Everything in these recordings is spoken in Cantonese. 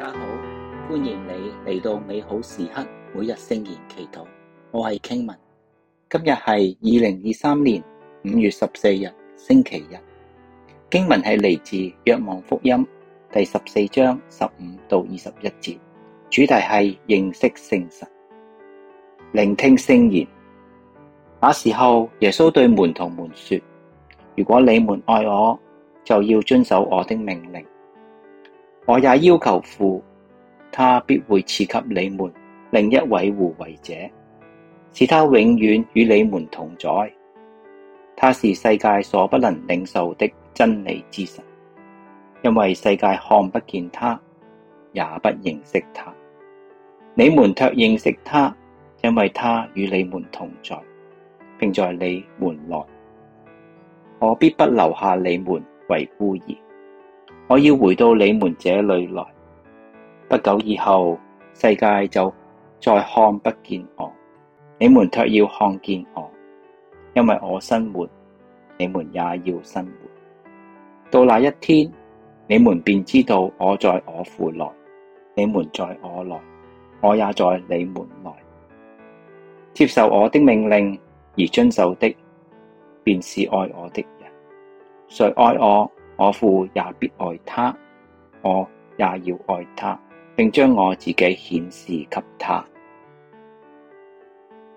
大家好，歡迎你嚟到美好時刻每日聖言祈禱。我係傾文，今日係二零二三年五月十四日星期日。經文係嚟自《若望福音》第十四章十五到二十一節，主題係認識聖神，聆聽聖言。那時候，耶穌對門徒們說：如果你們愛我，就要遵守我的命令。我也要求父，他必會賜給你們另一位護慰者，使他永遠與你們同在。他是世界所不能領受的真理之神，因為世界看不見他，也不認識他。你們卻認識他，因為他與你們同在，並在你們內。我必不留下你們為孤兒。我要回到你們這裡來，不久以後，世界就再看不見我，你們卻要看見我，因為我生活，你們也要生活。到那一天，你們便知道我在我父內，你們在我內，我也在你們內。接受我的命令而遵守的，便是愛我的人。誰愛我？我父也必愛他，我也要愛他，並將我自己顯示給他。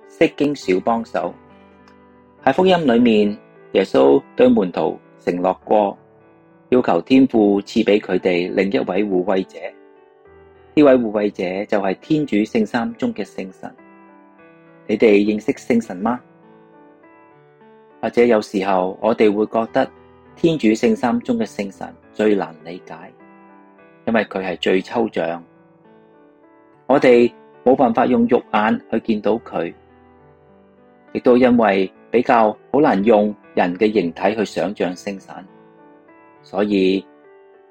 釋經小幫手，喺福音裏面，耶穌對門徒承諾過，要求天父賜俾佢哋另一位護慰者。呢位護慰者就係天主聖三中嘅聖神。你哋認識聖神嗎？或者有時候我哋會覺得。天主聖三中嘅聖神最難理解，因為佢係最抽象，我哋冇辦法用肉眼去見到佢，亦都因為比較好難用人嘅形體去想象聖神，所以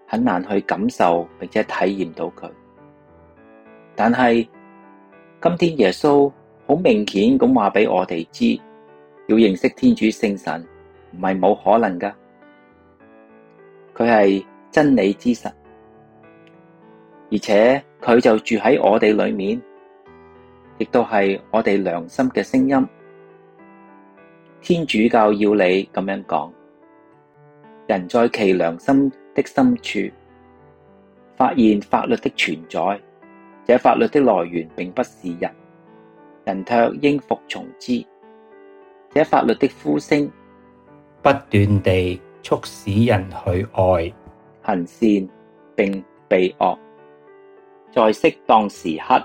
很難去感受並且體驗到佢。但係今天耶穌好明顯咁話俾我哋知，要認識天主聖神唔係冇可能噶。佢係真理之神，而且佢就住喺我哋裏面，亦都係我哋良心嘅聲音。天主教要理咁樣講，人在其良心的深處發現法律的存在，這法律的來源並不是人，人卻應服從之。這法律的呼聲不斷地。促使人去愛、行善並避惡，在適當時刻，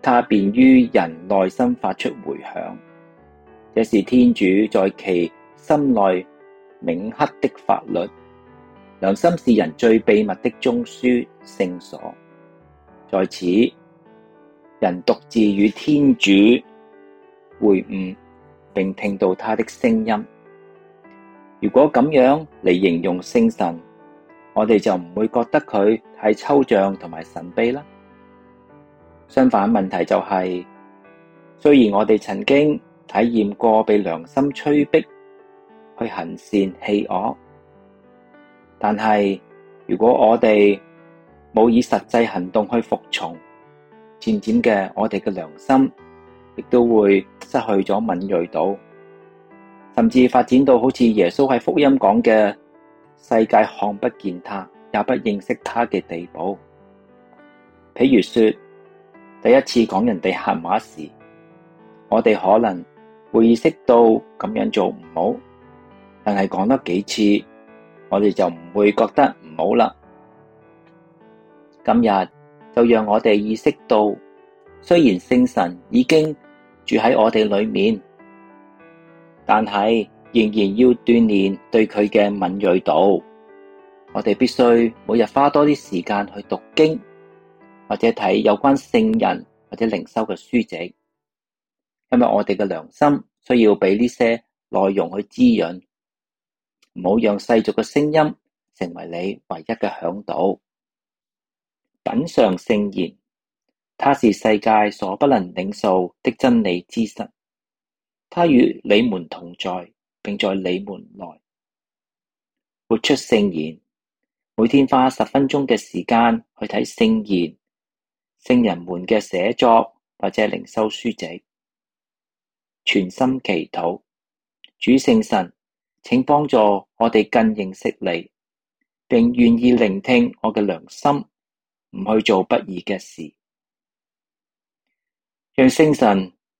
它便於人內心發出回響。這是天主在其心內銘刻的法律。良心是人最秘密的中樞聖所，在此，人獨自與天主會晤，並聽到他的聲音。如果咁樣嚟形容聖神，我哋就唔會覺得佢太抽象同埋神秘啦。相反，問題就係，雖然我哋曾經體驗過被良心催迫去行善棄惡，但係如果我哋冇以實際行動去服從，漸漸嘅我哋嘅良心亦都會失去咗敏銳度。甚至發展到好似耶穌喺福音講嘅世界，看不見他，也不認識他嘅地步。譬如說，第一次講人哋閒話時，我哋可能會意識到咁樣做唔好，但係講多幾次，我哋就唔會覺得唔好啦。今日就讓我哋意識到，雖然聖神已經住喺我哋裏面。但係仍然要鍛煉對佢嘅敏銳度。我哋必須每日花多啲時間去讀經，或者睇有關聖人或者靈修嘅書籍，因為我哋嘅良心需要俾呢些內容去滋潤。唔好讓世俗嘅聲音成為你唯一嘅嚮導。品嘗聖言，它是世界所不能領受的真理之神。他與你們同在，並在你們內。活出聖言。每天花十分鐘嘅時間去睇聖言、聖人們嘅寫作或者靈修書籍，全心祈禱主聖神，請幫助我哋更認識你，並願意聆聽我嘅良心，唔去做不義嘅事，讓聖神。